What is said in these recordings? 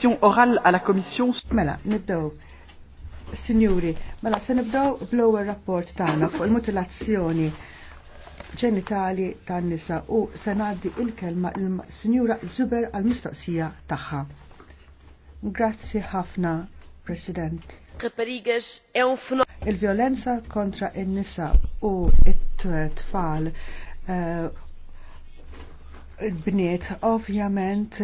question orale à la Commission. Mela, nibdew. Signori, mela se nibdew blower rapport tagħna fuq il-mutilazzjoni ġenitali tan-nisa u se ngħaddi il-kelma il sinjura Zuber għall-mistoqsija tagħha. Grazzi ħafna, President. Il-violenza kontra il nisa u it-tfal eh, il-bniet ovvjament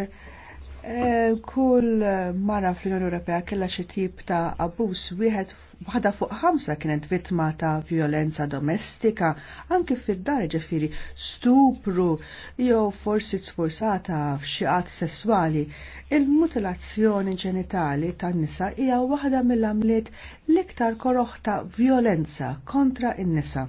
Eh, kull mara fl-Unjoni Ewropea kellha xi tip ta' abbuż wieħed waħda fuq ħamsa kienet vittma ta' violenza domestika, anke fid-dar ġifieri stupru jew forsi sforzata f'xiqat sesswali. Il-mutilazzjoni ġenitali tan-nisa hija waħda mill-għamliet l-iktar koroħ ta' violenza kontra in-nisa.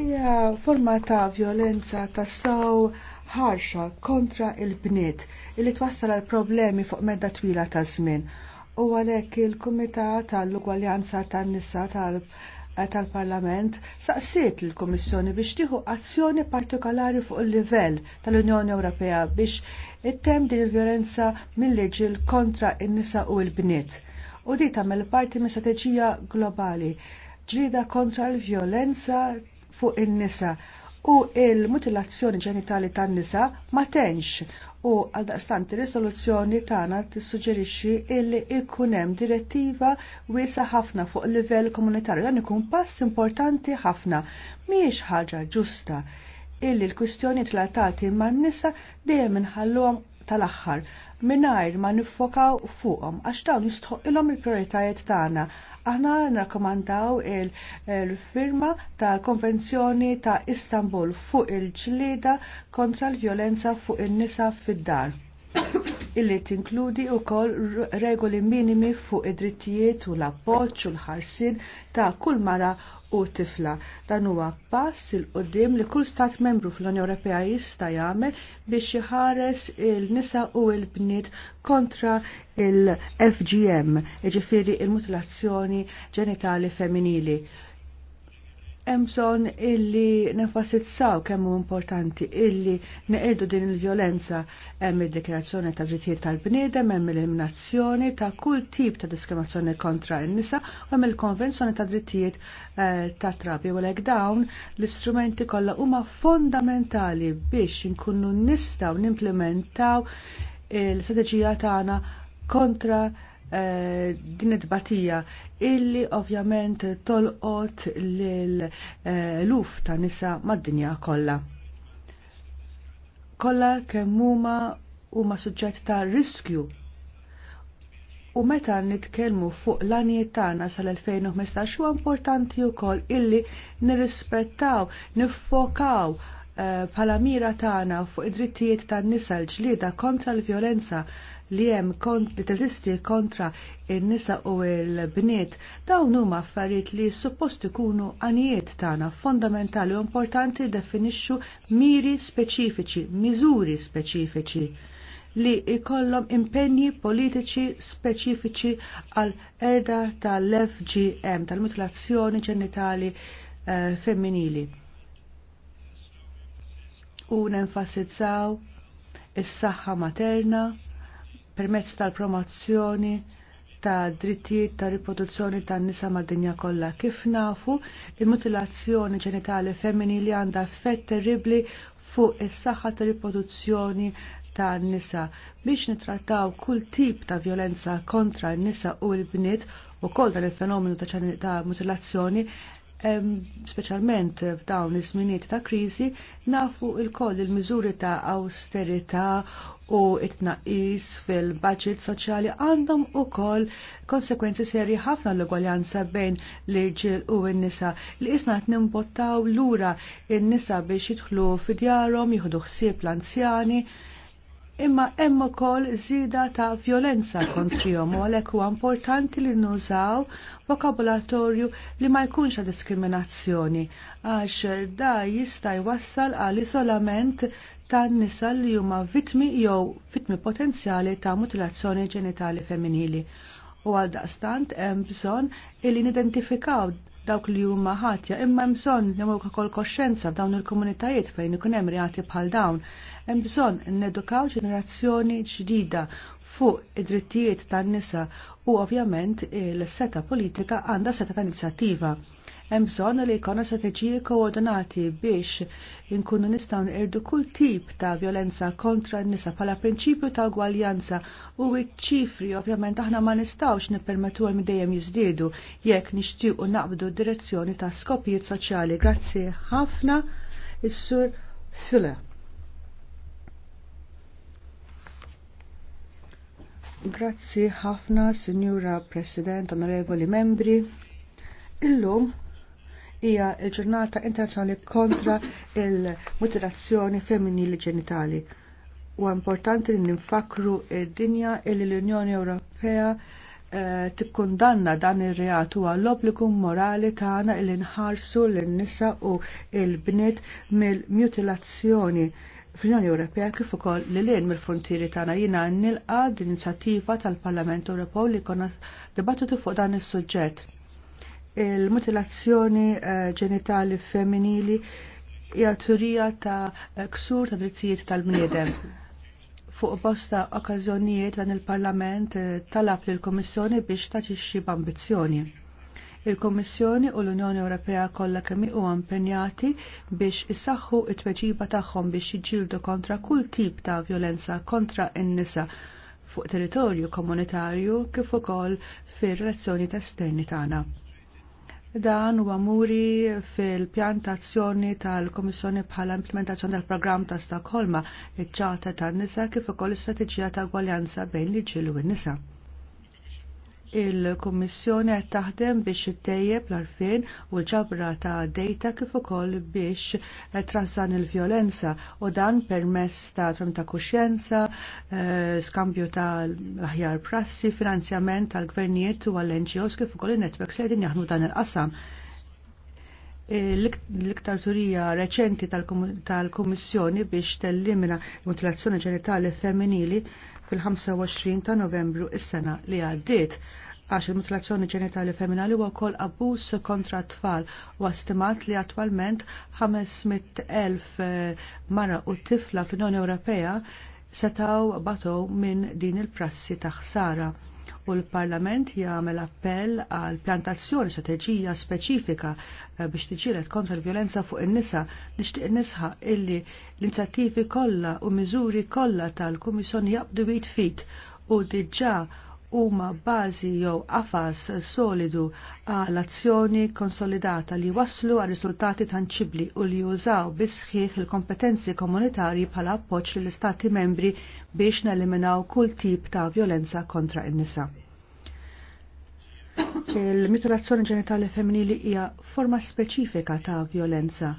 Hija forma ta' violenza ta' saw so ħarxa kontra il-bniet li twassal għal problemi fuq medda twila ta' żmien. U għalhekk il-Kumitat tal-Ugwaljanza tan-Nisa tal-Parlament saqsiet il-Kummissjoni biex tieħu azzjoni partikolari fuq il-livell tal-Unjoni Ewropea biex it-tem din il-vjolenza mill-liġil kontra in-nisa u l-bniet. U di tagħmel parti minn strateġija globali ġlida kontra l-vjolenza fuq in-nisa u il-mutilazzjoni ġenitali tan-nisa ma tenx u għaldaqstant ir-risoluzzjoni tagħna tissuġġerixxi illi jkun hemm direttiva wiesa ħafna fuq livell komunitarju dan ikun pass importanti ħafna mhijiex ħaġa ġusta illi l-kwistjoni tratati man-nisa dejjem inħalluhom tal-aħħar minnajr ma niffokaw fuqhom għax dawn jistħoq il-prioritajiet tagħna Aħna nrakkomandaw il-firma tal-Konvenzjoni ta' Istanbul fuq il-ġlida kontra l-violenza fuq in-nisa fid-dar illi tinkludi u kol regoli minimi fuq id-drittijiet u l-appoċ u l-ħarsin ta' kull mara u tifla. Dan huwa pass il qoddim li kull stat membru fl-Unjoni Ewropea jista' jagħmel biex jħares il-nisa u l-bniet kontra il-FGM, ġifieri il-mutilazzjoni ġenitali femminili hemm bżonn illi nenfasizzaw kemm hu importanti illi neqirdu din il-vjolenza hemm id-dikjerazzjoni ta' drittijiet tal-bniedem, hemm l-eliminazzjoni ta' kull tip ta' diskriminazzjoni kontra n-nisa u hemm il-konvenzjoni ta' drittijiet eh, ta' trabi u għalhekk dawn l-istrumenti kollha huma fondamentali biex inkunu nistgħu nimplementaw l-strateġija tagħna kontra Eh, din it-batija illi ovvjament tolqot l-luf eh, ta' nisa mad-dinja kollha. Kollha kemm huma huma suġġett ta' riskju U meta nitkellmu fuq l anijiet tagħna sal-2015 huwa importanti wkoll illi nirrispettaw, niffokaw eh, bħala mira tagħna fuq id-drittijiet tan-nisa l-ġlieda kontra l-vjolenza li hemm kont li teżisti kontra il nisa u l-bniet dawn huma affarijiet li suppost ikunu għanijiet tagħna fondamentali u importanti definixxu miri speċifiċi, miżuri speċifiċi li ikollhom impenji politiċi speċifiċi għal erda tal-FGM, tal-mutilazzjoni ġenitali eh, femminili. U nenfasizzaw is-saħħa materna, permezz tal-promozzjoni ta' drittijiet ta' riproduzzjoni ta' nisa mad dinja kollha. Kif nafu, il-mutilazzjoni ġenitali femminili għandha effett terribli fuq is-saħħa ta' riproduzzjoni ta' nisa biex nitrattaw kull tip ta' violenza kontra n-nisa u l-bniet u kol dan il-fenomenu ta', ta mutilazzjoni specialment f'dawn iż-żminijiet ta' kriżi nafu il-koll il-miżuri ta' austerità u it-naqis fil-budget soċjali għandhom ukoll konsekwenzi serji ħafna l-ugwaljanza bejn l-irġiel u n-nisa li isna qed nimbottaw lura n-nisa biex jidħlu fidjarhom jieħdu ħsieb l-anzjani imma hemm ukoll żieda ta' violenza kontrihom u għalhekk huwa importanti li nużaw vokabolatorju li ma jkunx diskriminazzjoni għax da jista' jwassal għal iżolament tan nisa li huma vitmi jew vitmi potenzjali ta' mutilazzjoni ġenitali femminili. U għal daqstant hemm bżonn illi nidentifikaw dawk li huma ħatja imma hemm bżonn nemmgħu ukoll koxxenza f'dawn il-komunitajiet fejn ikun hemm reati bħal dawn hemm bżonn nedukaw ġenerazzjoni ġdida fuq id-drittijiet tan-nisa u ovvjament l seta politika għandha seta ta' inizjattiva. Hemm bżonn li jkollna strateġiji koordinati biex inkunu nistgħu nqerdu kull tip ta' violenza kontra n-nisa bħala prinċipju ta' ugwaljanza u ċifri ovvjament aħna ma nistgħux nippermettuhom dejjem jiżdiedu jekk nixtiequ naqbdu d-direzzjoni ta' skopijiet soċjali. Grazzi ħafna is-sur Fuller. Grazzi ħafna, Signora President, Onorevoli Membri. Illum hija l-ġurnata internazzjonali kontra il-mutilazzjoni femminili ġenitali. U importanti li ninfakru id-dinja li l-Unjoni Ewropea eh, tikkundanna dan ir-reat huwa l-obbligu morali tagħna li nħarsu lin-nisa u l-bniet mill-mutilazzjoni fl-Unjoni Ewropea kif ukoll li lejn mill-frontieri tagħna jiena nilqa l-inizjattiva tal-Parlament Ewropew li jkollna dibattitu fuq dan is-suġġett. Il-mutilazzjoni eh, ġenitali femminili hija turija ta' ksur ta' drittijiet tal-bniedem. Fuq bosta okkażjonijiet dan il-Parlament eh, talab lill-Kummissjoni biex xi b'ambizzjoni Il-Kommissjoni u l-Unjoni Ewropea kollha kemm huwa impenjati biex isaħħu t tweġiba tagħhom biex jiġġieldu kontra kull tip ta' violenza kontra n-nisa fuq territorju komunitarju kif ukoll fir-relazzjoni esterni tagħna. Dan huwa muri fil-pjantazzjoni tal-Komissjoni bħala implementazzjoni tal-programm ta' Stockholma iċ-ċata tan-nisa kif ukoll l-istrateġija ta' gwaljanza bejn l-ġil u n-nisa il-Kommissjoni qed taħdem biex ittejjeb l-arfien u l-ġabra ta' data kif ukoll biex trassan il-vjolenza u dan permess ta' trum ta' kuxjenza, eh, skambju ta' aħjar prassi, finanzjament tal-gvernijiet u għall-NGOs kif ukoll in netwek sejdin qegħdin jaħdmu dan il-qasam. L-iktar turija reċenti tal-Kommissjoni biex tellimina mutilazzjoni ġenitali femminili fil-25 ta' novembru is-sena li għaddiet għax il-mutilazzjoni ġenitali femminali huwa wkoll abbuż kontra tfal u stimat li attwalment 500,000 eh, mara u tifla fl-Unjoni Ewropea setaw batow minn din il-prassi ta' ħsara u l-Parlament jagħmel appell għal pjantazzjoni strateġija speċifika eh, biex tiġiret kontra l violenza fuq in-nisa nixtieq nisħa illi l-inizjattivi kollha u miżuri kollha tal-Kummissjoni jaqbdu wit fit u diġà huma bażi jew qafas solidu għal azzjoni konsolidata li waslu għal riżultati tanċibli u li jużaw bisħiħ il-kompetenzi komunitarji bħala appoġġ lill istati membri biex neliminaw kull tip ta' violenza kontra n-nisa. Il-mutilazzjoni ġenitali femminili hija forma speċifika ta' violenza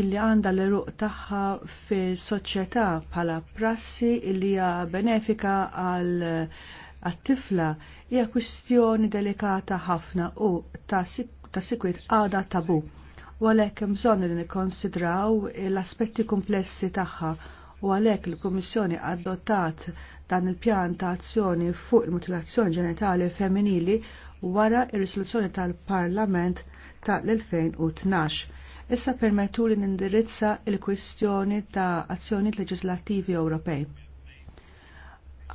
illi għanda l-eruq taħħa fil-soċjetà bħala prassi illi hija benefika għal għat-tifla hija kwistjoni delikata ħafna u ta' sikwit għada tabu. U għalhekk hemm bżonn li nikkonsidraw l-aspetti komplessi tagħha u għalhekk il-Kummissjoni adottat dan il-pjan ta' azzjoni fuq il-mutilazzjoni ġenitali femminili wara ir-risoluzzjoni tal-Parlament ta' l 2012 Issa permettu li nindirizza il-kwistjoni ta' azzjoni leġislattivi Ewropej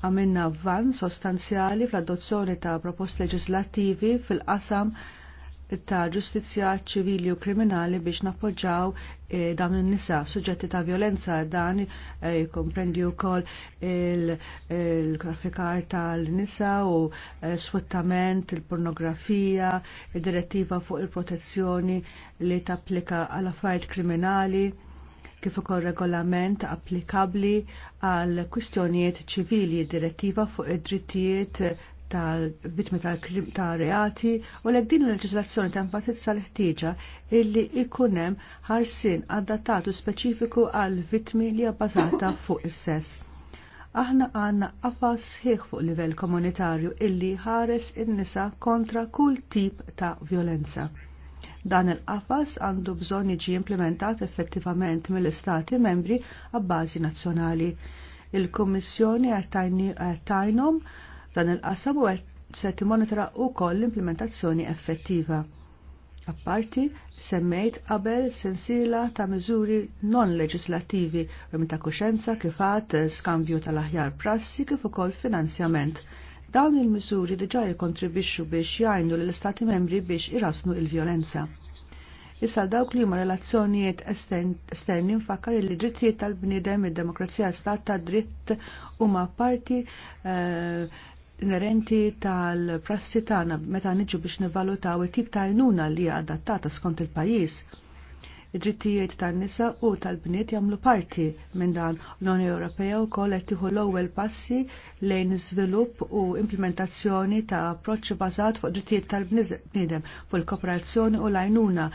għamilna avvan sostanzjali fl-adozzjoni ta' propost leġislattivi fil-qasam ta' ġustizzja ċivili u kriminali biex nappoġġaw e, dawn in-nisa suġġetti ta' violenza dan eh, komprendi u wkoll il-grafikar il kafikar il tal nisa u e, sfruttament, il-pornografija, id-direttiva fuq il-protezzjoni li tapplika għal affarijiet kriminali kif ukoll regolament applikabbli għal kwistjonijiet ċivili direttiva fuq id-drittijiet tal-vittmi tal-reati u l din l-leġislazzjoni tenfatizza l-ħtieġa illi ikunem ħarsin adattatu speċifiku għal vittmi li abbażata fuq is-sess. Aħna għanna qafas ħieħ fuq livell komunitarju illi ħares in-nisa kontra kull tip ta' violenza. Dan il-qafas għandu bżonn jiġi implementat effettivament mill-Istati membri għabbażi nazzjonali. Il-Kummissjoni għattajnom dan il-qasam u se timonitora wkoll l-implementazzjoni effettiva. Apparti, semmejt qabel sensiela ta' miżuri non leġislativi u ta' kuxenza kifat skambju tal-aħjar prassi kif ukoll finanzjament. Dawn il-miżuri diġà jikkontribixxu biex jgħinu lill-Istati membri biex irasnu il-vjolenza. Issa dawk li huma relazzjonijiet esterni nfakkar li drittijiet tal-bniedem id-demokrazija stat ta' dritt huma parti eh, inerenti tal-prassi tagħna meta niġu biex nivalutaw it-tip ta' għajnuna li hija adattata skont il-pajjiż id-drittijiet tan-nisa u tal-bniet jagħmlu parti minn dan l-Unjoni Ewropea wkoll qed tieħu l-ewwel passi lejn iżvilupp u implementazzjoni ta' approċċ bażat fuq drittijiet tal-bniedem fuq il-kooperazzjoni u l-għajnuna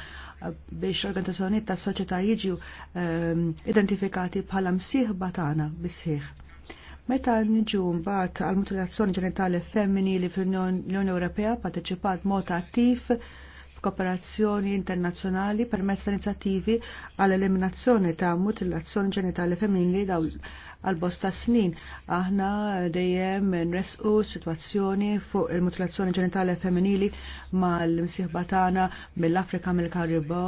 biex organizzazzjonijiet tas soċjetà jiġu um, identifikati bħala msieħba tagħna bisħieħ. Meta nġu mbagħad għal mutilazzjoni ġenitali femminili fil-Unjoni Ewropea parteċipat mod attiv f'kooperazzjoni internazzjonali permezz ta' inizjattivi għall eliminazzjoni ta' mutilazzjoni ġenitali femminili daw għal bosta snin. Aħna dejjem nresqu situazzjoni fuq il-mutilazzjoni ġenitali femminili mal-msieħba tagħna mill-Afrika mill karibo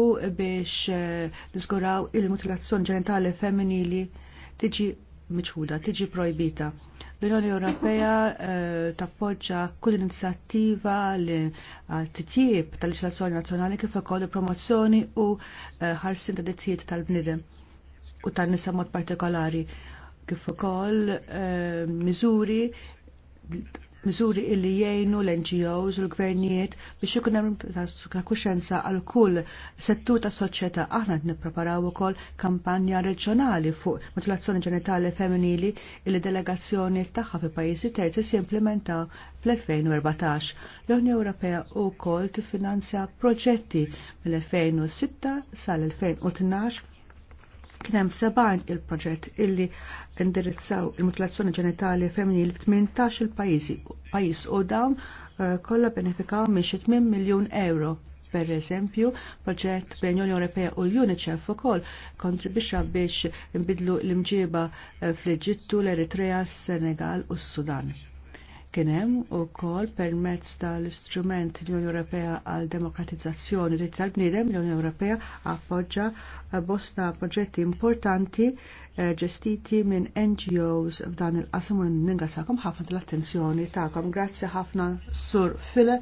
u biex eh, niskuraw il-mutilazzjoni ġenitali femminili tiġi miċħuda, tiġi projbita L-Unjoni Ewropea eh, tappoġġa kull inizjattiva li eh, titjib tal-leġislazzjoni nazzjonali kif ukoll promozzjoni u eh, ħarsin ta' dittijiet tal-bniedem u tan-nisa mod partikolari kif ukoll miżuri Mizuri illi jgħinu l-NGOs u l-gvernijiet biex ikun hemm ta' kuxenza għal kull settur ta' soċjetà aħna qed nippreparaw ukoll kampanja reġjonali fuq mutilazzjoni ġenitali femminili illi delegazzjoni tagħha fi pajjiżi terzi implementaw fl-2014. L-Unjoni Ewropea wkoll tiffinanzja proġetti mill-2006 sal-2012 Kien hemm il-proġett illi indirizzaw il-mutilazzjoni ġenitali femminili f-18 il-pajjiżi pajjiż u dawn eh, kollha benefikaw minn xi 8 miljun euro per eżempju, proġett bejn Unjoni Ewropea u UNICEF ukoll kontribixxa biex imbidlu l-imġiba eh, fl-Eġittu, l-Eritrea, s-Senegal u s-Sudan. Kien hemm ukoll permezz tal-istrument l-Unjoni Ewropea għal demokratizzazzjoni li tal-bniedem l-Unjoni Ewropea appoġġa bosta proġetti importanti eh, ġestiti minn NGOs f'dan il-qasam u ningrazzakom ħafna tal-attenzjoni tagħkom. Grazzi ħafna Sur File.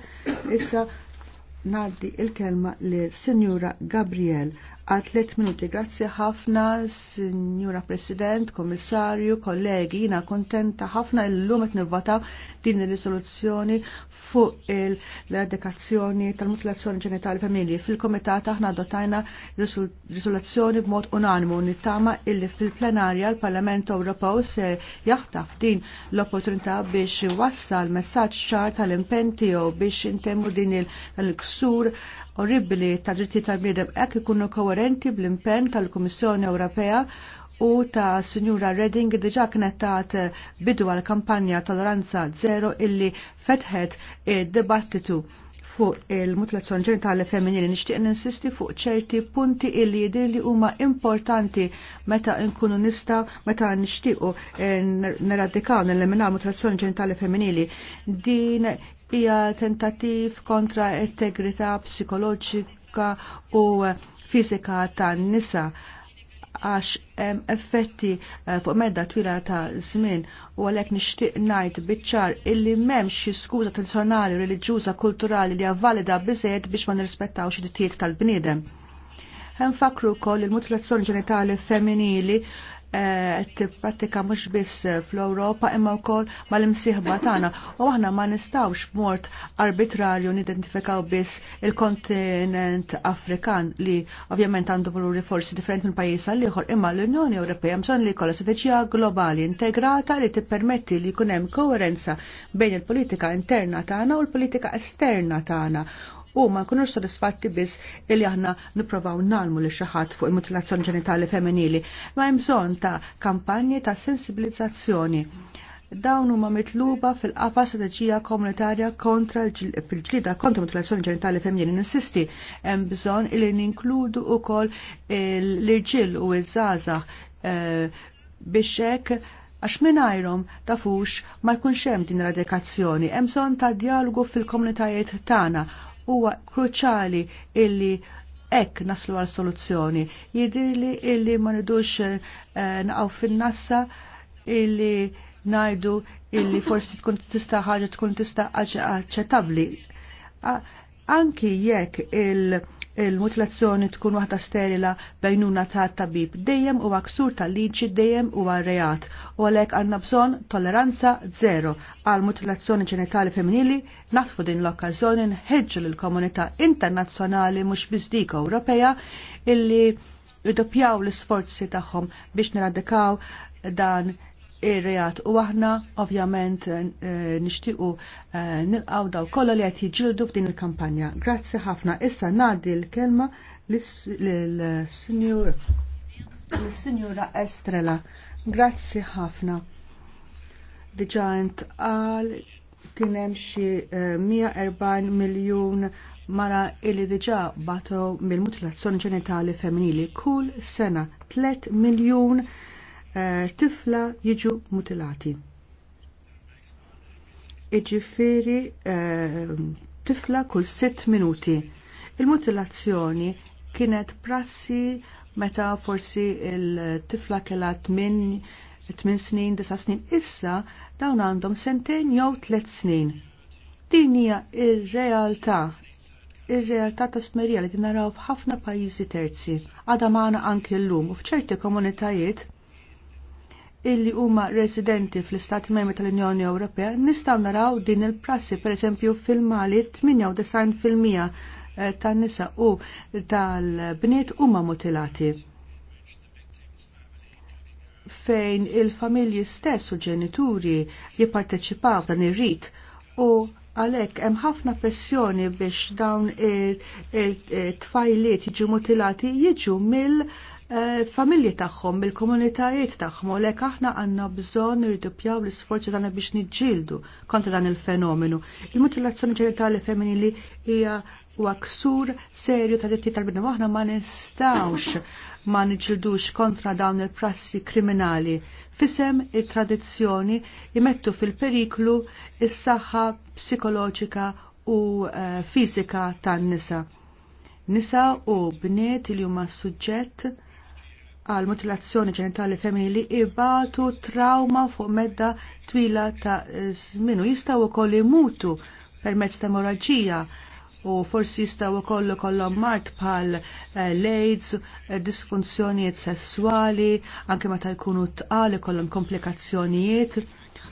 Issa ngħaddi il-kelma li Sinjura Gabriel Atlet tliet minuti. Grazzi ħafna, Signora President, Kommissarju, kollegi, jina kontenta ħafna illum qed nivvotaw din ir-risoluzzjoni fuq l-eradikazzjoni tal-mutilazzjoni ġenitali familji. Fil-komitat aħna dotajna risoluzzjoni b'mod unanimu nittama illi fil-plenarja l-Parlament Ewropew se jaħtaf din l-opportunità biex wassal messaġġ ċar tal-impenn tiegħu biex intemmu din il-ksur orribili ta' dritti tal-bniedem hekk ikunu koherenti bl-impenn tal-Kummissjoni Ewropea u ta' Sinjura Redding diġa kienet tat bidu għal kampanja Toleranza Zero illi fetħet id-dibattitu fuq il-mutilazzjoni ġenitali femminili nixtieq ninsisti fuq ċerti punti illi jidir li huma importanti meta nkunu nista meta nixtiequ eh, neradikaw nilliminaw mutilazzjoni ġenitali femminili. Din hija tentattiv kontra integrità psikoloġika u fizika tan-nisa għax hemm effetti eh, fuq medda twila ta' żmien u għalhekk nixtieq ngħid biċ-ċar illi m'hemmx xi skuża tradizzjonali, reliġjuża, kulturali li hija valida biżejjed biex ma nirrispettawx id-dittijiet tal-bniedem. Hemm fakru wkoll il-mutilazzjoni ġenitali femminili Eh, tippratika mhux biss fl-Ewropa imma wkoll mal-imsieħba tagħna u aħna ma nistgħux b'mod arbitrarju nidentifikaw biss il-kontinent Afrikan li ovvjament għandu valuri forsi differenti minn pajjiż għal ieħor imma l-Unjoni Ewropea mżon li jkollha strateġija globali integrata li tippermetti li jkun hemm koerenza bejn il-politika interna tagħna u l-politika esterna tagħna u ma nkunux sodisfatti biss illi aħna nipprovaw nalmu li xaħat fuq il-mutilazzjoni ġenitali femminili, ma hemm bżonn ta' kampanji ta' sensibilizzazzjoni dawn huma mitluba fil-qafa strateġija komunitarja kontra fil-ġlida kontra mutilazzjoni ġenitali femminili. Nsisti hemm bżonn li ninkludu wkoll l-irġiel u l-żgħażagħ eh, biex hekk għax minnajrom tafux ma jkunx hemm din radikazzjoni, hemm bżonn ta' dialogu fil-komunitajiet tagħna huwa kruċali illi ek naslu għal soluzzjoni. Jidirli illi ma nidux eh, naqaw fin-nassa illi najdu illi forsi tkun tista' ħaġa tkun tista' aċċettabbli anki jekk il- il-mutilazzjoni tkun waħda sterila bejnuna ta' tabib dejjem u ksur tal-liġi dejjem u reat u għalhekk għandna bżonn tolleranza zero għal mutilazzjoni ġenitali femminili natfu din l-okkażjoni nħeġġu lill-komunità internazzjonali mhux biżdik Ewropea illi jdoppjaw l-isforzi tagħhom biex neradikaw dan ir-reat u aħna ovvjament eh, nixtiequ eh, nilqaw daw kollha li qed jiġġieldu f'din il-kampanja. Grazzi ħafna. Issa ngħaddi l-kelma lis-Sinjur sinjura Estrela. Grazzi ħafna. Diġà intqal kien hemm xi 140 eh, miljun mara illi diġà batu mill-mutilazzjoni ġenitali femminili kull sena 3 miljun Eh, tifla jiġu mutilati. Iġifiri eh, tifla kull sitt minuti. Il-mutilazzjoni kienet prassi meta forsi il-tifla kella 8 snin, 9 snin, issa dawn għandhom sentejn jew tliet snin. Din hija ir-realtà ir-realtà ta' smerija li naraw f'ħafna pajjiżi terzi, għadha magħna anki llum u f'ċerti komunitajiet illi huma residenti fl-Istati Membri tal-Unjoni Ewropea nistgħu naraw din il-prassi pereżempju fil-Mali 98% eh, tan-nisa u tal-bniet huma mutilati fejn il-familji stess u ġenituri jipparteċipaw dan ir-rit u għalek hemm ħafna pressjoni biex dawn it-tfajliet jiġu mutilati jiġu mill- Eh, familji tagħhom, bil-komunitajiet tagħhom, u lek aħna għandna bżonn irdupjaw l-isforzi tagħna biex niġġieldu kontra dan il-fenomenu. Il-mutilazzjoni ġenitali femminili hija huwa ksur serju ta' ditti tal-bnedmu aħna ma nistgħux ma niġġildux kontra dawn il-prassi kriminali. Fisem il-tradizzjoni jimettu fil-periklu is-saħħa psikoloġika u eh, fizika tan-nisa. Nisa u bniet li huma suġġett għal mutilazzjoni ġenitali femminili ibatu trauma fuq medda twila ta' u jistgħu wkoll imutu permezz ta' moraġija u forsi jistgħu wkoll kollhom mart bħal eh, l-AIDS, eh, disfunzjonijiet sessuali, anke meta jkunu tqal ikollhom komplikazzjonijiet,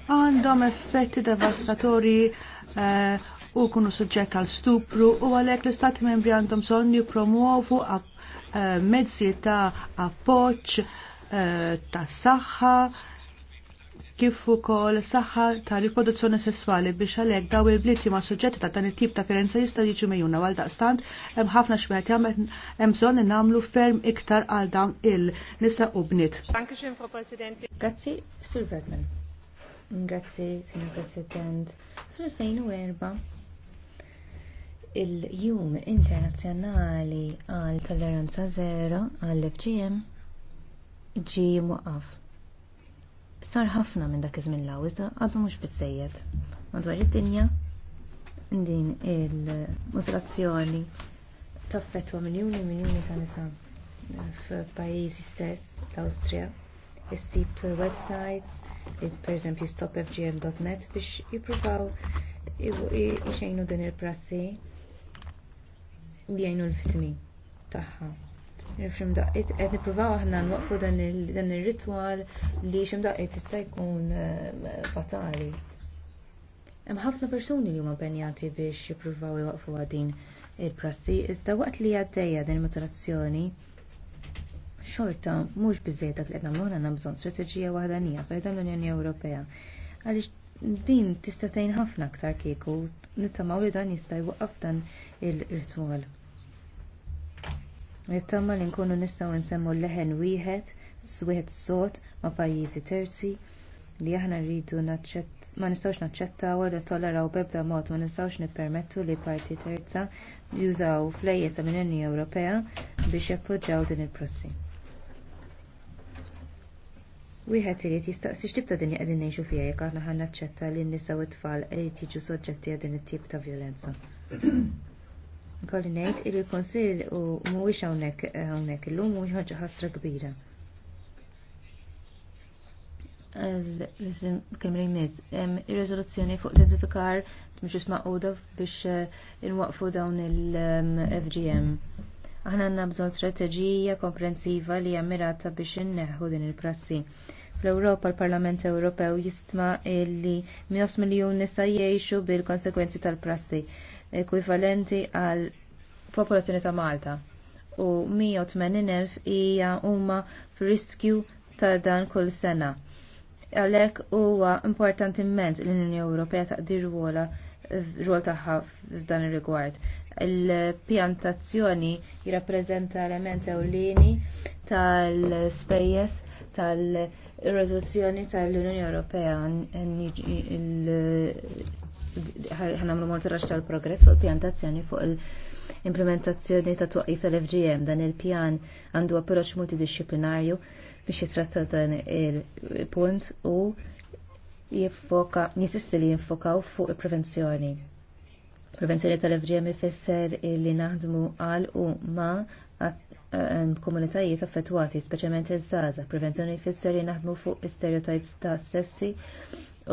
għandhom effetti devastatorji eh, u kunu suġġett għal stupru u għalhekk l-istati membri għandhom bżonn jippromuovu Eh, mezzi ta' appoċ, eh, ta' saħħa, kif ukoll saħħa ta' riproduzzjoni sessuali biex għalhekk daw il-bliet ma' suġġetti ta' dan it-tip ta' ferenza jistgħu jiġu mejjuna għal daqstant hemm ħafna xmeħet jagħmel hemm bżonn nagħmlu ferm iktar għal dawn il-nisa u bniet. Grazzi, Sul Bradman. Grazzi, Signor President. Fil-2004 il-jum internazzjonali għal tolleranza zero għall fgm ġi muqaf. Sar ħafna minn dak iż-żmien law iżda għadu mhux biżejjed. Madwar id-dinja din il-mutilazzjoni fetwa miljuni miljuni ta' nisa f'pajjiżi stess l-Awstrija. Issib websites per pereżempju stopfgm.net biex jippruvaw jxejnu din il-prassi li l-ftmi tagħha. Rifxim daqqit, għed niprofaw aħna nwaqfu dan il-ritwal li xim daqqit jista' jkun eh, fatali. Hemm ħafna persuni li huma benjati biex jippruvaw iwaqfu għadin il-prassi, iżda waqt li għaddejja din il-maturazzjoni xorta mhux biżejjed dak li qed nagħmlu aħna bżonn strateġija waħdanija fejn l-Unjoni Ewropea. Għaliex din tista' tgħin ħafna aktar kieku Nittama li dan jista' jwaqqaf dan ir-ritwal. Nittama li nkunu nistgħu nsemmu leħen wieħed swieħed sod ma' pajjiżi terzi li aħna rridu naċċett ma nistgħux naċċettaw u tolleraw b'ebda mod ma nistgħux nippermettu li parti terza jużaw flejjes ta' unjoni Ewropea biex jappoġġjaw din il-prossim. Wieħed irid jistaqsi x'tip ta' dinja qegħdin ngħixu fiha jekk aħna ħan naċċetta li n-nisa u t-tfal qed jiġu soġġetti għal din it-tip ta' violenza. Kolli ngħid li l-Kunsill mhuwiex hawnhekk eh, hawnhekk illum mhuwiex ħaġa ħasra kbira. Ir-riżoluzzjoni fuq identifikar mhux maquda biex eh, inwaqfu dawn il-FGM. Ehm, Aħna għandna bżonn strateġija komprensiva li ammirata biex inneħħu din il-prassi. Fl-Ewropa l-Parlament Ewropew jistma' li 100 miljun nisa jgħixu bil-konsekwenzi tal-prassi, ekwivalenti għal popolazzjoni ta' Malta u 180.000 hija huma f'riskju ta' dan kull sena. Għalhekk huwa importanti immens l-Unjoni Ewropea taqdir rwola rwol tagħha f'dan ir-rigward il-pjantazzjoni jirrappreżenta element ewlieni tal ispejjeż tal-riżoluzzjoni tal-Unjoni Ewropea mort monitoraġġ tal-progress fuq il-pjantazzjoni fuq il-implementazzjoni ta' twaqif tal-FGM dan il-pjan għandu approċċ multidisciplinarju biex jitratta dan il-punt u jiffoka, nisissi li jiffokaw fuq il-prevenzjoni. Prevenzjoni tal-FGM ifisser li naħdmu għal u ma' ehm, komunitajiet affettwati, speċjalment iż-żaza. Prevenzjoni jfisser li naħdmu fuq stereotypes ta' sessi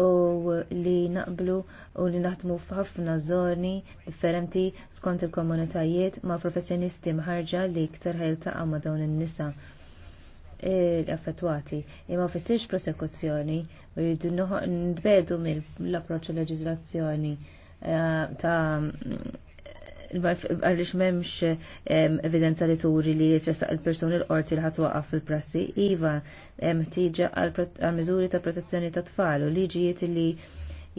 u li naqblu u li naħdmu f'ħafna zoni differenti skont il-komunitajiet ma' professjonisti mħarġa li iktar ħajltaqa' ma' dawn in-nisa eh, affettwati. Imma fissirx prosekuzzjoni, rridu nbedu mill-approċċ leġiżlazzjoni Eh, ta' għalix memx evidenza li turi li jitressaq il persuni l-qorti li ħatwaqaf fil-prassi, iva tiġa għal-mizuri ta' protezzjoni ta' tfal u liġijiet li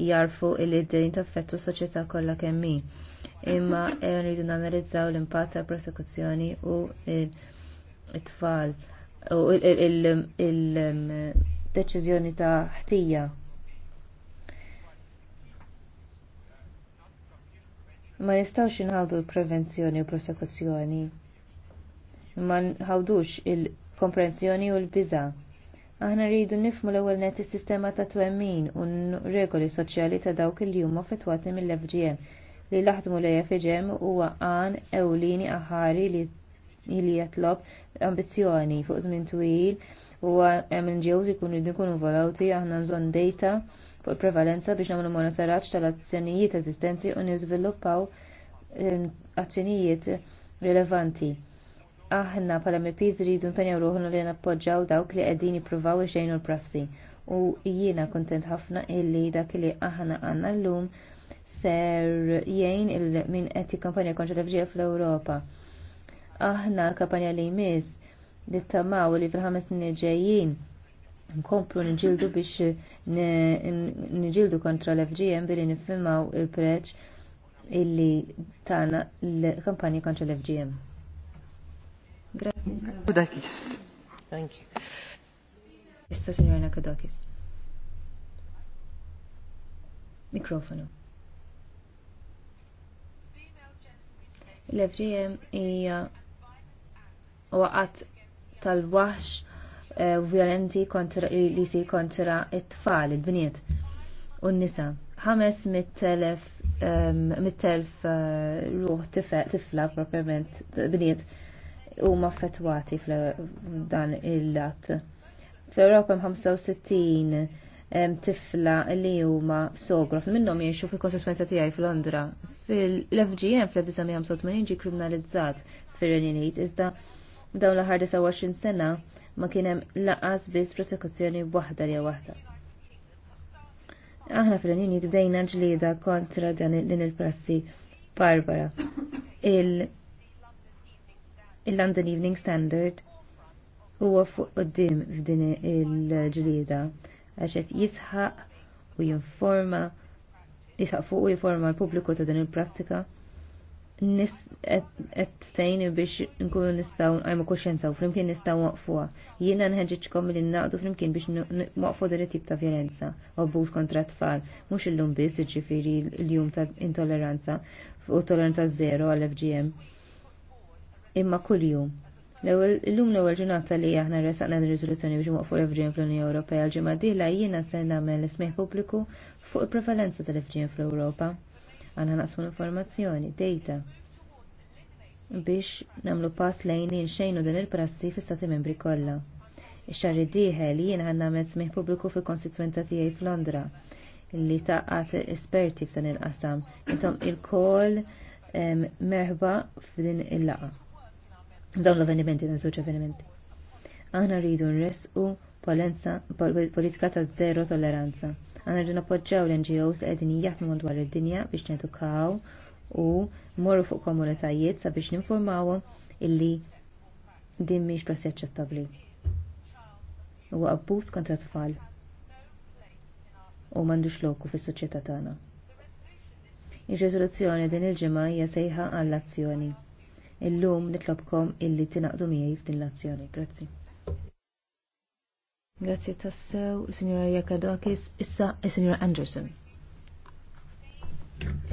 jarfu il-id-dejn ta' fettu s-soċieta kollha kemmi. Imma eh, rridu nanalizzaw l-impatt ta' prosekuzzjoni u il tfal u il-deċiżjoni ta' ħtija ma nistawx inħawdu l-prevenzjoni u prosekuzzjoni. Ma nħawdux il-komprensjoni u l-biża. Aħna rridu nifmu l-ewwel net is-sistema ta' twemmin u regoli soċjali ta' dawk il huma fetwati mill-FGM li laħdmu l FGM huwa għan ewlini aħari li li jatlob ambizzjoni fuq żmien twil u hemm NGOs ikunu jkunu involuti aħna bżonn data fuq prevalenza biex nagħmlu monitoraġġ tal-azzjonijiet eżistenzi u niżviluppaw eh, azzjonijiet rilevanti. Aħna bħala MPs rridu npenjaw ruħna li nappoġġaw dawk li qegħdin jippruvaw ixejnu l-prassi u jiena kuntent ħafna illi dak li aħna għandna llum ser jgħin min qed jikkampanja kontra l-FGF fl-Ewropa. Aħna l-kampanja li jmiss li tamaw li fil-ħames snin ġejjin nkomplu nġildu biex nġildu kontra l-FGM billi nifimaw il-preċ illi tana l kampanji kontra l-FGM. Kudakis. Thank you. Issa signorina Kudakis. Mikrofonu. L-FGM hija waqat tal-waħx violenti kontra li si kontra it-tfal, il-bniet u n-nisa. telf eh, ruħ tifla propriament bniet u maffetwati dan il-lat. Fl-Europa 65 tifla li huma sogrof minnhom jiexu fil konsekwenza tiegħi fil-Londra. Fil-FGM fl-1985 ġi kriminalizzat fir-Renju iżda dawn l-aħħar 29 sena ma kienem laqas biss prosekuzzjoni wahda li waħda. Aħna fil-Unjoni bdejna ġlieda kontra dan din il-prassi Barbara. Il-London Evening Standard huwa fuq qoddim f'din il-ġlieda għax qed jisħaq u jinforma jisħaq fuq u jinforma l-pubbliku ta' din il-prattika nis qed tgħinu biex nkunu nistgħu għajmu kuxjenza u flimkien nistgħu waqfuha. Jiena nħeġġitkom li naqdu flimkien biex waqfu din tip ta' violenza u abbuż kontra tfal, mhux illum biss jiġifieri l-jum ta' intolleranza u t-toleranza zero għal FGM. Imma kuljum. L-ewwel l-ewwel ġurnata li aħna resaqna d riżoluzzjoni biex waqfu l-FGM fl-Unjoni Ewropea l-ġimgħa dieħla jiena se nagħmel ismeħ pubbliku fuq il-prevalenza tal-FGM fl-Ewropa għanna naqsmu l-informazzjoni, data biex namlu pass lejn xejnu din il-prassi fi stati membri kollha. Ix-xahar id-dieħel jien għandna mezz smih pubbliku fil-konsistenza tiegħi f'Londra li taqqat esperti f'dan il-qasam. Intom il-koll merħba f'din il laqgħa Dawn l-avvenimenti, dan żewġ avvenimenti. Aħna rridu nresqu politika ta' zero tolleranza Għanna ġu napoġġaw l-NGOs li għedin jaħdmu madwar id-dinja biex nedukaw u morru fuq komunitajiet sabiex ninformawhom illi din mhix prosi aċċettabbli. U abbuż kontra tfal u m'għandux loku fis-soċjetà tagħna. Ir-riżoluzzjoni din il-ġimgħa hija sejħa għall-azzjoni. Illum nitlobkom illi tinaqdu miegħi f'din l-azzjoni. Grazzi. Grazzi tassew, signora Jakadakis, issa e signora Anderson.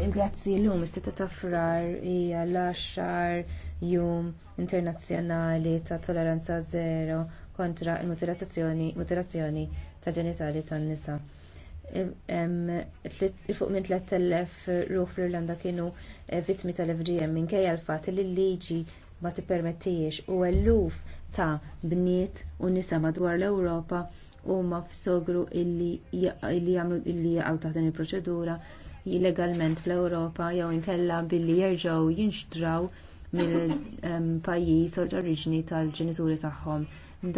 Grazzi l-lum, istita taffrar frar hija l jum internazzjonali ta' toleranza zero kontra il-mutilazzjoni ta' ġenitali tan nisa. Fuq minn 3000 ruħ fl-Irlanda kienu eh, vittmi tal-FGM minkejja l-fat li l-liġi ma t-permettiex u eluf ta' bniet u nisa madwar l-Ewropa huma f'sogru illi jagħmlu illi jaqgħu taħt din il-proċedura legalment fl-Ewropa jew inkella billi jerġgħu jinxtraw mill-pajjiż ta' oriġini tal-ġenituri tagħhom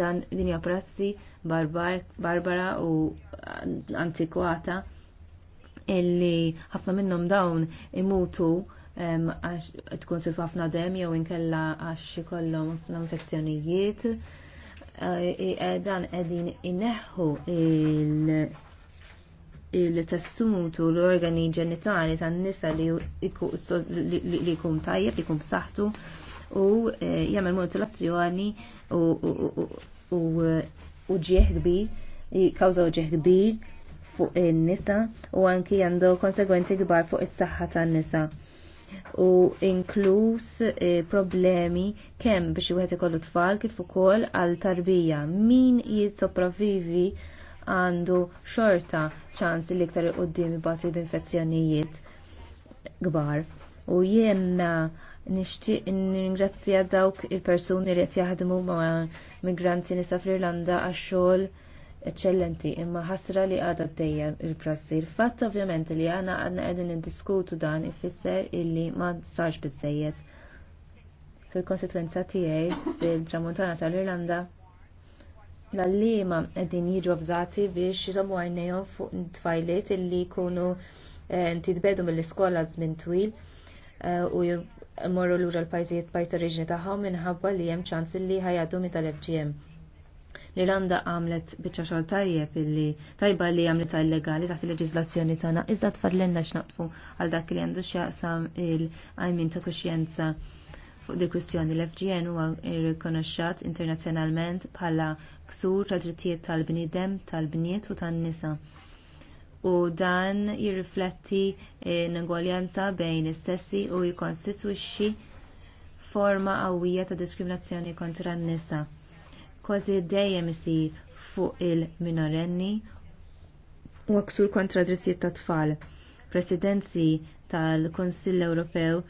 dan din hija prassi barbara u eh, antikwata illi ħafna minnhom dawn imutu għax tkun sirf ħafna dem jew inkella għax ikollhom l infezzjonijiet. Eh, e, dan qegħdin inneħħu il- il u l-organi ġenitali tan-nisa li jkun tajjeb, li jkun b'saħħtu u eh, jagħmel mutilazzjoni u ġieħ kbir jikkawżaw ġieħ kbir fuq in-nisa u anki għandu konsegwenzi kbar fuq is-saħħa tan-nisa u inkluż e, problemi kemm biex wieħed ikollu tfal kif ukoll għal tarbija. Min jitsopravivi għandu xorta ċans li iktar qudiem ibati b'infezzjonijiet kbar. U jiena nixtieq ningrazzja dawk il-persuni li qed jaħdmu ma' migranti nisa fl-Irlanda għax-xogħol eċċellenti imma ħasra li għadha għaddejja il-prassi. Il-fatt ovvjament li għana għadna qegħdin indiskutu dan ifisser illi ma sarx biżżejjed. Fil-konsekwenza tiegħi fil-tramuntana tal-Irlanda l-allima qegħdin jiġu avżati biex jizomu għajnejhom fuq tfajliet illi jkunu eh, tidbedu mill-iskola żmien twil eh, u l lura l pajzijiet pajjiż oriġini tagħhom minħabba li hemm ċans li ħajadu minn tal-FGM li l-għanda għamlet bieċa xol tajjeb illi tajba li għamlet legali taħt il-leġizlazzjoni tagħna iżda tfadlenna xnaqfu għal dak li għandu x'jaqsam il-għajmin ta' kuxjenza fuq di kwistjoni l-FGN huwa rikonoxxat internazzjonalment bħala ksur ta' drittijiet tal-bniedem, tal-bniet u tan-nisa. U dan jirrifletti eh, n-ingwaljanza bejn is-sessi u jikonstitwixxi forma qawwija ta' diskriminazzjoni kontra n-nisa kważi dejjem isir fuq il-minorenni u aksur kontra drittijiet tat-tfal. Presidenzi tal-Konsill Ewropew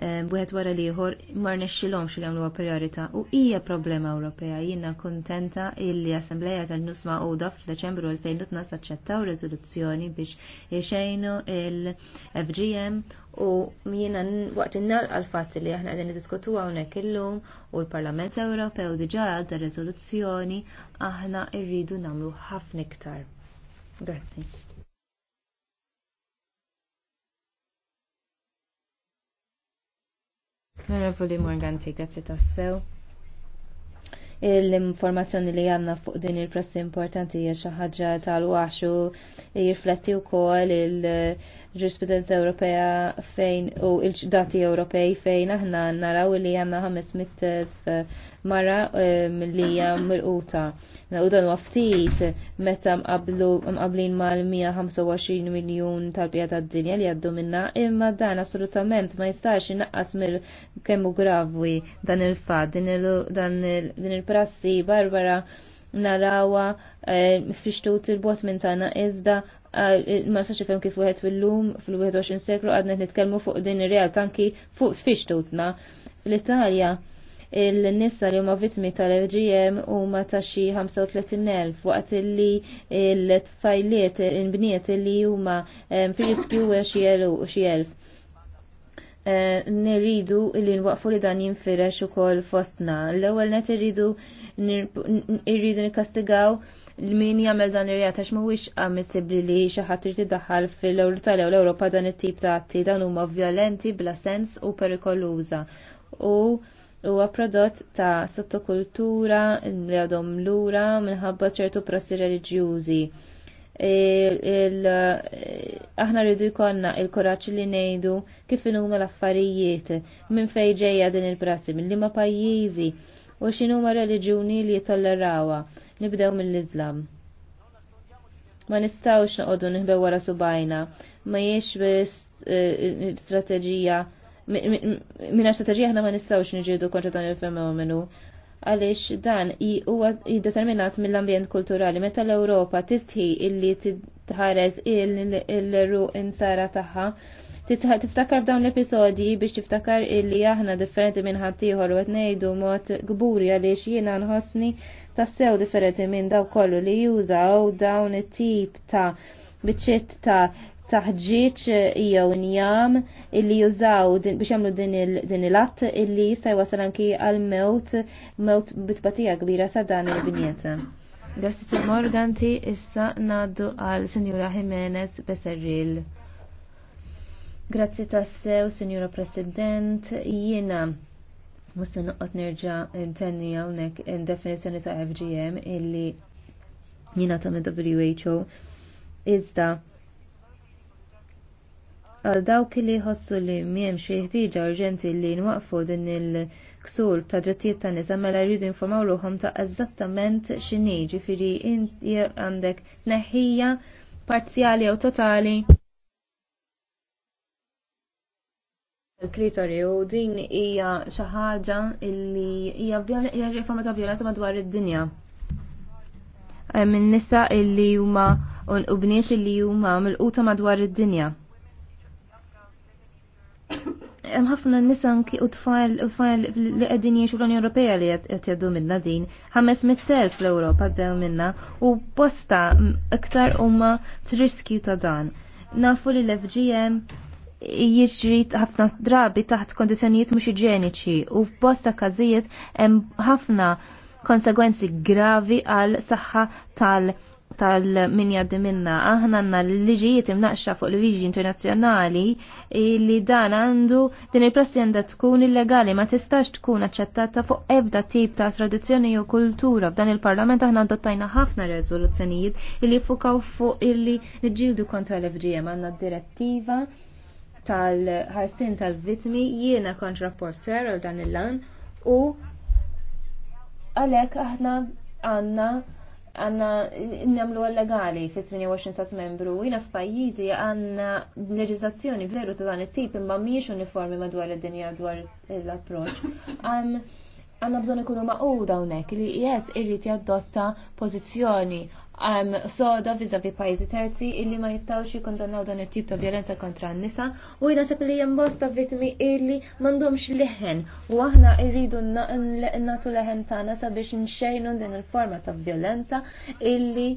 wieħed wara liħor mar nexxilhomx li għamluha priorita u hija problema Ewropea. Jiena kontenta illi Assembleja tal-Nusma Oda f'Deċembru 2012 aċċettaw riżoluzzjoni biex jxejnu il-FGM u jina waqt innal għal fat li aħna qegħdin niddiskutu hawnhekk illum u l-Parlament Ewropew diġà għadda riżoluzzjoni aħna rridu nagħmlu ħafna iktar. Grazie. Onorevoli Morganti, grazzi tassew. L-informazzjoni li għanna fuq din il-press importanti hija xi ħaġa tal-waxu jirfletti wkoll il-ġurisprudenza Ewropea fejn u il-dati Ewropej fejn aħna naraw li għandna 500 mara eh, li hija mirquta. U dan ftit meta mqablin mal-125 miljun tal-bija tad-dinja li għaddu minna, imma dan assolutament ma jistax inaqqas mill kemmu gravwi dan il-fad, din il-prassi barbara narawa eh, fixtut il-bot minn tagħna iżda eh, ma sax ifhem kif wieħed fil-lum fil-21 seklu għadna nitkellmu fuq din ir real tanki fuq fixtutna. Fl-Italja il-nisa li huma vittmi tal rgm huma ta' xi 35,000 waqt li l-tfajliet inbniet li huma fi riskju xi elf. Eh, nirridu li nwaqfu li dan jinfirex ukoll fostna. L-ewwel net irridu irridu nikkastigaw l-min jagħmel dan ir-rejat għax mhuwiex ammissibbli li xi ħadd irid iddaħħal fil-Ewropa u l-Ewropa dan it-tip ta' atti dan huma vjolenti bla sens u perikoluża. U huwa prodott ta' sottokultura li għadhom lura minħabba ċertu prassi reliġjużi. E, e, aħna rridu jkollna il-koraċ li ngħidu kif huma l-affarijiet, minn fejn ġejja din il-prassi, minn liema pajjiżi u x'inhuma reliġjuni li jitollerawha. Nibdew mill-Iżlam ma nistgħux noqogħdu nħbew wara subajna, ma jiex biss e, strateġija minna strategija ħna ma nistawx nġidu kontra dan il-fenomenu għalix dan huwa jiddeterminat mill-ambjent kulturali. Meta l-Ewropa tistħi illi tħares il-ru insara tagħha, tiftakar f'dawn l-episodji biex tiftakar illi aħna differenti minn ħaddieħor u qed ngħidu mod gburi għaliex jiena nħossni tassew differenti minn daw kollu li jużaw dawn it-tip ta' biċċiet ta' taħġiġ eh, jew njam illi jużaw biex jagħmlu din il-att illi jista' jwasal anki għal mewt mewt bitbatija kbira ta' dan il-binjeta. Grazzi Morganti issa naddu għal Sinjura Jimenez Beserril. Grazzi tassew, Sinjura President, jiena musta noqgħod nerġa' intenni hawnhekk definizzjoni ta' FGM illi jiena ta' WHO iżda għal dawk li jħossu li miem xi ħtieġa urġenti li nwaqfu din il-ksur ta' ġettijiet ta' nisa mela jridu informaw ruhom ta' eżattament xini ġifiri għandek neħħija parzjali jew totali il-klitori u din hija xi ħaġa li hija riforma ta' vjolenza madwar id-dinja. Min nisa illi huma u bniet illi huma mill madwar id-dinja hemm ħafna nisa anki u tfajl u tfajl li qegħdin jgħixu l-Unjoni Ewropea li qed jgħaddu minna din, ħames mit fl-Ewropa għaddew minna u bosta iktar huma f'riskju ta' dan. Nafu li l-FGM jiġri ħafna drabi taħt kondizzjonijiet mhux iġeniċi u f'bosta każijiet hemm ħafna konsegwenzi gravi għal saħħa tal- tal-min jaddi minna. Aħna għanna l-liġijiet imnaqxa fuq l-liġi internazzjonali li dan għandu din il-prassi għanda tkun illegali ma tistax tkun aċċettata fuq ebda tip ta' tradizzjoni u kultura. F'dan il-parlament aħna adottajna ħafna rezoluzzjonijiet illi fukaw fuq illi nġildu kontra l-FGM għanna direttiva tal-ħarsin tal-vitmi jiena kontra porter għal dan il-lan u għalek aħna għanna għanna namlu għal-legali fi 28 sat membru, jina f'pajjiżi għanna leġizazzjoni veru ta' dan it-tip imma miex uniformi madwar id-dinja dwar l-approċ. Għanna bżon ikunu u dawnek li jess irrid jaddotta pożizzjoni um, soda vizavi pajzi terzi illi ma jistawx jikondannaw dan it-tip ta' violenza kontra n-nisa u sepp li bosta vitmi illi mandomx liħen u aħna irridu natu leħen tana sabiex nxejnu din il-forma ta' violenza illi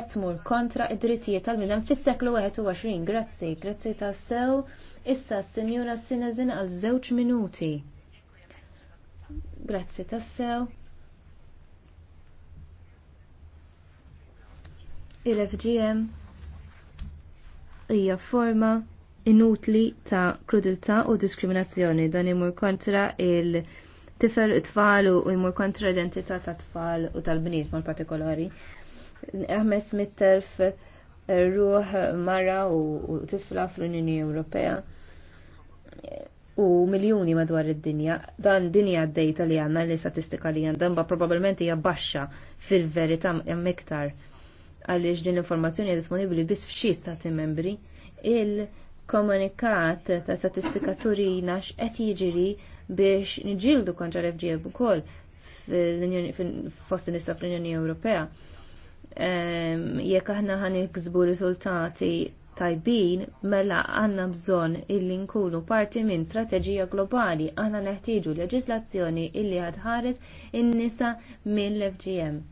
etmur kontra id-drittijiet tal-bidem fis-seklu 21. Grazzi, grazzi ta' sew. Issa, s-senjura s sinezin għal żewġ minuti. Grazzi ta' sew. il-FGM hija forma inutli ta' krudilità u diskriminazzjoni dan imur kontra il- tifel tfal u jmur kontra l-identità ta' tfal u tal-bniet mal partikolari. mit telf ruħ mara u tifla fl-Unjoni Ewropea u miljoni madwar id-dinja. Dan dinja d-dejta li għanna li statistika li għanna, dan ba' probabilment hija baxxa fil-verità iktar għaliex din l-informazzjoni disponibili biss f'xi stati membri, il-komunikat ta' statistika turina x'qed jiġri biex niġildu kontra l-FGM ukoll fost nisa fl-Unjoni Ewropea. Ehm, jekk aħna ħan iksbu riżultati tajbin, mela għanna bżon illi nkunu parti minn strateġija globali, għanna neħtieġu leġislazzjoni illi ħadħares in-nisa mill-FGM.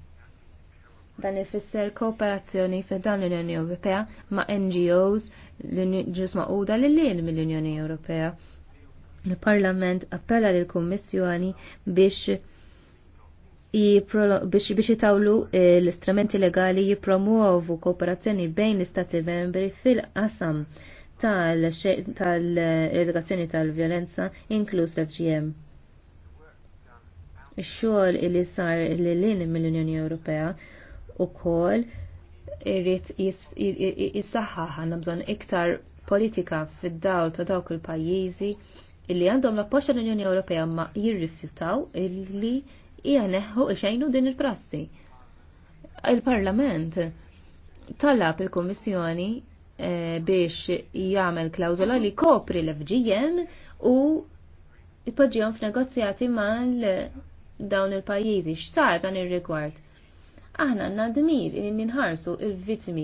Dan ifisser kooperazzjoni f'dan l-Unjoni Ewropea ma' NGOs ġus uda l lin mill-Unjoni Ewropea. Il-Parlament appella lill kummissjoni biex biex jitawlu eh, l-istrumenti legali jipromuovu kooperazzjoni bejn l-Istati membri fil-qasam tal-edukazzjoni tal-violenza inkluż l-FGM ix-xogħol li sar lil lin mill-Unjoni Ewropea ukoll irrid jissaħħaħ għandna bżonn iktar politika fid-dawl ta' dawk il-pajjiżi illi għandhom l-appoġġ l unjoni Ewropea ma jirrifjutaw illi hija neħħu xejnu din il-prassi. Il-Parlament talab il-Kummissjoni eh, biex jagħmel klawżola li kopri l-FGM u jpoġġihom f'negozjati mal dawn il-pajjiżi. X'sar dan ir-rigward? aħna għandna dmir li ninħarsu il-vittmi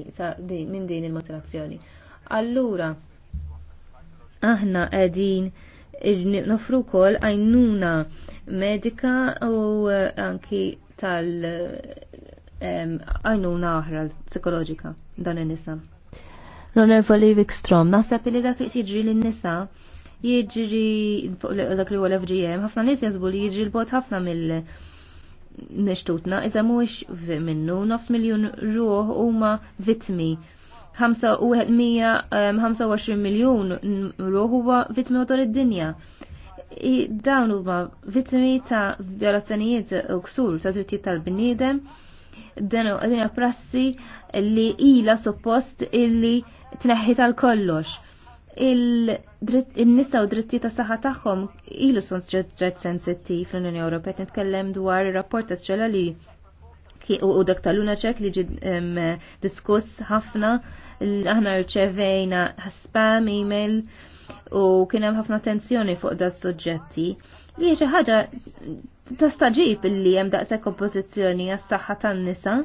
minn din il-motivazzjoni. Allura aħna qegħdin nofru wkoll għajnuna medika u eh, anki tal għajnuna oħra psikoloġika dan in-nisa. Ronel onorevoli Wikstrom, naħseb li dak li jiġri lin-nisa jiġri dak li huwa l-FGM, ħafna nies jażbu li jiġri l-bot ħafna mill- nishtutna, iza mhuwiex minnu nofs miljun ruħ huma vittmi. 25 miljun ruħ huwa vittmi matul id-dinja. Dawn huma vittmi ta' violazzjonijiet u ksur ta' drittijiet tal-bniedem, din prassi li ila suppost illi tneħħi tal-kollox il-nisa u dritti ta' saħħa tagħhom ilu sun ġeġġeġ sensittiv fl-Unjoni Ewropea nitkellem dwar ir-rapport ta' li u dak tal-luna ċek li ġid diskuss ħafna aħna rċevejna spam email u kien hemm ħafna tensjoni fuq da' suġġetti li xi ħaġa staġib li hemm daqshekk oppożizzjoni għas-saħħa tan-nisa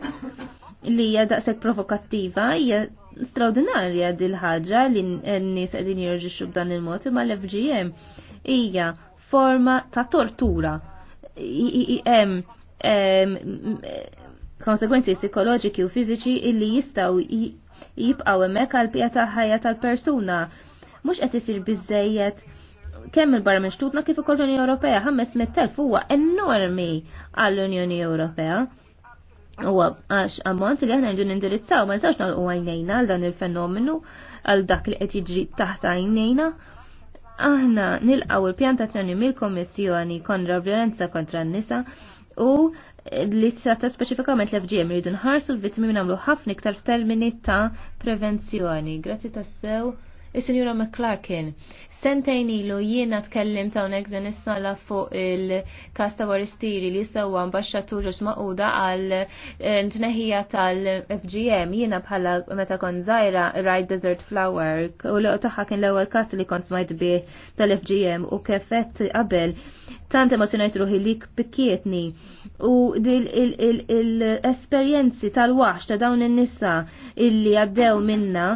li hija daqshekk provokattiva hija straordinarja dil-ħagġa li n-nis għedin jirġiċu b'dan il mot imma l-FGM hija forma ta' tortura. Hemm konsekwenzi psikologiki u fiżiċi illi jistaw jibqaw hemmhekk għal pija ta' ħajja tal-persuna. Mhux qed isir biżejjed kemm il-barra minn kif ukoll l-Unjoni Ewropea 500,000 huwa enormi għall-Unjoni Ewropea U għax ammont li aħna nġu nindirizzaw ma nal nagħlqu għajnejna għal dan il-fenomenu għal dak li qed jiġri taħt għajnejna aħna nilqaw il-pjantazzjoni mill-Kommissjoni kontra violenza kontra n-nisa u li t-sata specifikament l-FGM rridu nħarsu l-vittmi minn għamlu ħafna iktar f'termini ta' prevenzjoni. Grazzi tassew. Is-Sinjura McClarkin, sentajn ilu jiena tkellim ta' unek din is-sala fuq il kasta Waristiri li sewwa ambasċatur ġus maquda għal eh, tneħija tal-FGM jiena bħala meta kon zaħira Ride Desert Flower u l tagħha kien l-ewwel kas li kont smajt bih tal-FGM u kefett qabel tant emozjonajt ruħi li pikkietni u l-esperjenzi tal-wax ta' dawn in-nisa illi għaddew minna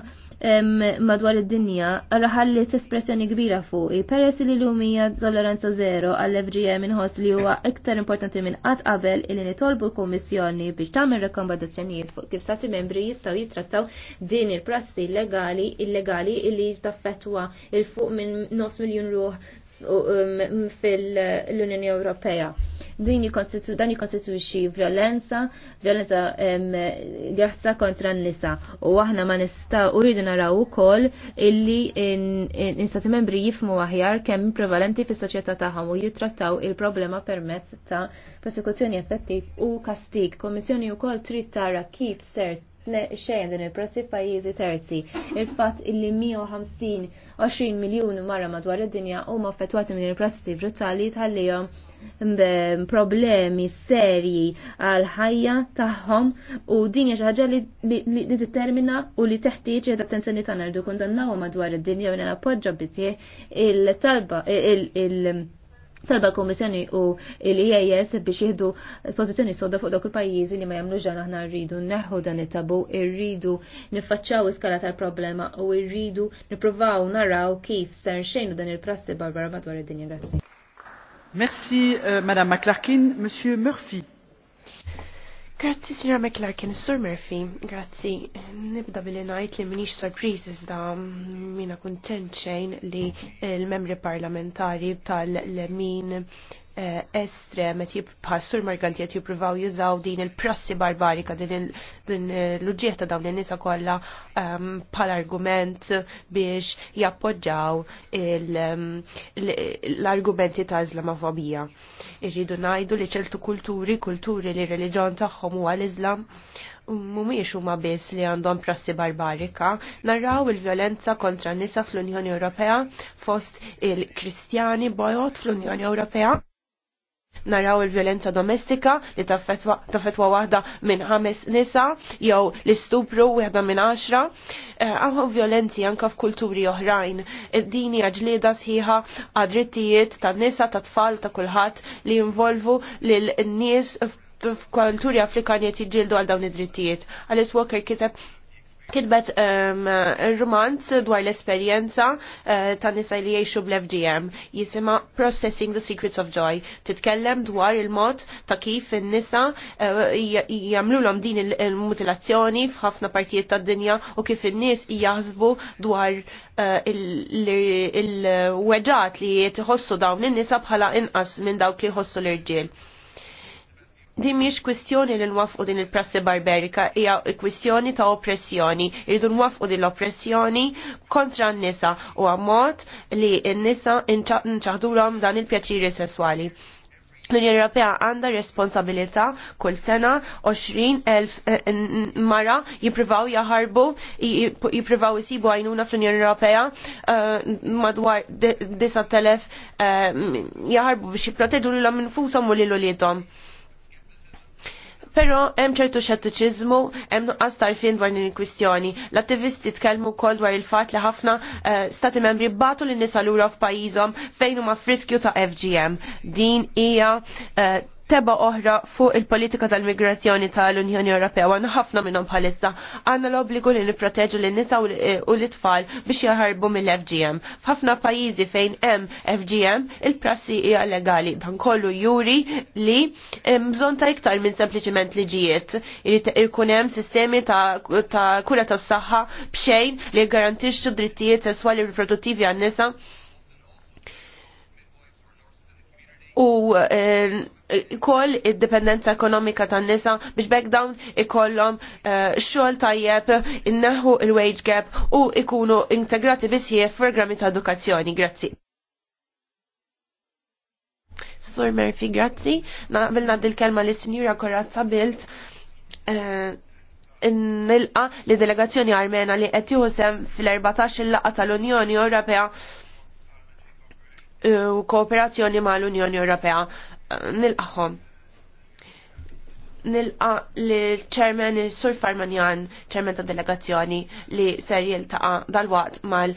madwar id-dinja għal t espressjoni kbira fuq. Peress li l-lumija tolleranza zero għall fgm inħoss li huwa iktar importanti minn qatt qabel illi nitolbu l-Kummissjoni biex tagħmel rekomendazzjonijiet fuq kif stati membri jistgħu jittrattaw din il-prassi legali illegali illi taffettwa il fuq minn nofs miljun ruħ Um, fil-Unjoni Ewropea. Din dan jikonstituxi violenza, violenza grassa kontra n-nisa. U aħna ma nista' u rridu naraw ukoll illi n-istati membri jifmu aħjar kemm prevalenti fis-soċjetà tagħhom u jittrattaw il-problema permezz ta' prosekuzzjoni effettiv u kastig. Kommissjoni wkoll trid tara kif ser xejn din il prossi pajjiżi terzi. Il-fatt illi 150 miljun marra madwar id-dinja huma affettwati minn il-prezzi brutali tal-lijom problemi serji għal ħajja tagħhom u din hija xi ħaġa li determina u li teħtieġ qiegħed attenzjoni tagħna rdu kundannawhom madwar id-dinja u nappoġġa bitih il-talba il-, il talba komissjoni u l-IAS biex jihdu pozizjoni sodda fuq dawk il-pajjiżi li ma jagħmlu ġan aħna rridu neħu dan it-tabu, irridu niffaċċaw iskala tal-problema u rridu nippruvaw naraw kif ser xejnu dan il-prassi barbara madwar id-dinja. Grazzi. Merci, euh, Madame McClarkin. Monsieur Murphy. Grazzi, Sinjor McClarkin, Sur Murphy, grazzi. Nibda billi najt li minix sorpriz iżda mina kontent xejn li l-membri parlamentari tal-min Eh, estrem qed jibħassur marganti qed jippruvaw jużaw din il-prassi barbarika din eh, l-uġġieħ ta' dawn in-nisa kollha ehm, bħal argument biex jappoġġaw ehm, l-argumenti ta' Islamofobija. Irridu ngħidu li ċertu kulturi, kulturi li reliġjon tagħhom huwa l-Islam mumiex huma biss li għandhom prassi barbarika, narraw il-violenza kontra nisa fl-Unjoni Ewropea fost il-Kristjani bojot fl-Unjoni Ewropea naraw il-violenza domestika li taffetwa waħda minn ħames nisa jew l-istupru waħda minn għaxra. Eh, għaw violenti anka f'kulturi oħrajn. Eh, dini għagġlida sħiħa għadrittijiet ta' nisa, ta' tfal, ta' kulħadd li jinvolvu lil nies f'kulturi afrikanieti ġildu għal dawn id-drittijiet. Għalis Walker kiteb kitbet um, romanz dwar l-esperienza uh, ta' nisa li jiexu bl-FGM jisima Processing the Secrets of Joy titkellem dwar il-mod ta' kif il-nisa uh, eh, jamlu l din il-mutilazzjoni f'ħafna partijiet ta' dinja u kif il-nis jazbu dwar uh, eh, il-weġat li jitħossu dawn il-nisa bħala inqas minn dawk li jħossu l-irġiel din miex kwistjoni li nwafqu din il-prassi barberika, hija kwistjoni ta' oppressjoni. Irridu nwafqu din l-oppressjoni kontra n-nisa u għammot li n-nisa nċaħdulhom dan il-pjaċiri sessuali. L-Unjoni Ewropea għandha responsabilità kull sena 20,000 eh, mara jippruvaw jaħarbu, jippruvaw jisibu għajnuna fl-Unjoni Ewropea eh, madwar 9,000 eh, jaħarbu biex jipproteġu l-għam u l-lulietom. Pero hemm ċertu xettiċiżmu, hemm nuqqas tarfien dwar din il-kwistjoni. L-attivisti tkellmu wkoll dwar il-fatt li ħafna eh, stati membri batu lin nisa lura f'pajjiżhom fejn huma friskju ta' FGM. Din hija eh, seba oħra fuq il-politika tal-migrazzjoni tal-Unjoni Ewropea għanna ħafna minnhom bħalissa għanna l-obbligu li nipproteġu lin nisa u l-itfal biex jaħarbu mill-FGM. F'ħafna pajjiżi fejn hemm FGM il-prassi hija legali dan kollu juri li bżonn ta' iktar minn sempliċiment liġijiet. Irid ikun hemm sistemi ta' kura tas-saħħa b'xejn li garantixxu drittijiet sesswali riproduttivi għan-nisa u eh, ikoll id-dependenza ekonomika tan nisa biex back dawn ikollhom eh, xogħol tajjeb inneħu il-wage gap u ikunu integrati bisħieħ programmi ta' edukazzjoni. Grazzi. Sur Murphy, grazzi. Naqbilna dil-kelma li sinjura Korazza Bilt eh, nilqa li delegazzjoni Armena li qed sem fil-14 il-laqa tal-Unjoni Ewropea u kooperazzjoni mal-Unjoni Ewropea. Eh, Nilqaħom. Nilqa li l-ċermen Sur Farmanjan, ċermen ta' delegazzjoni li ser jiltaqa dal-waqt mal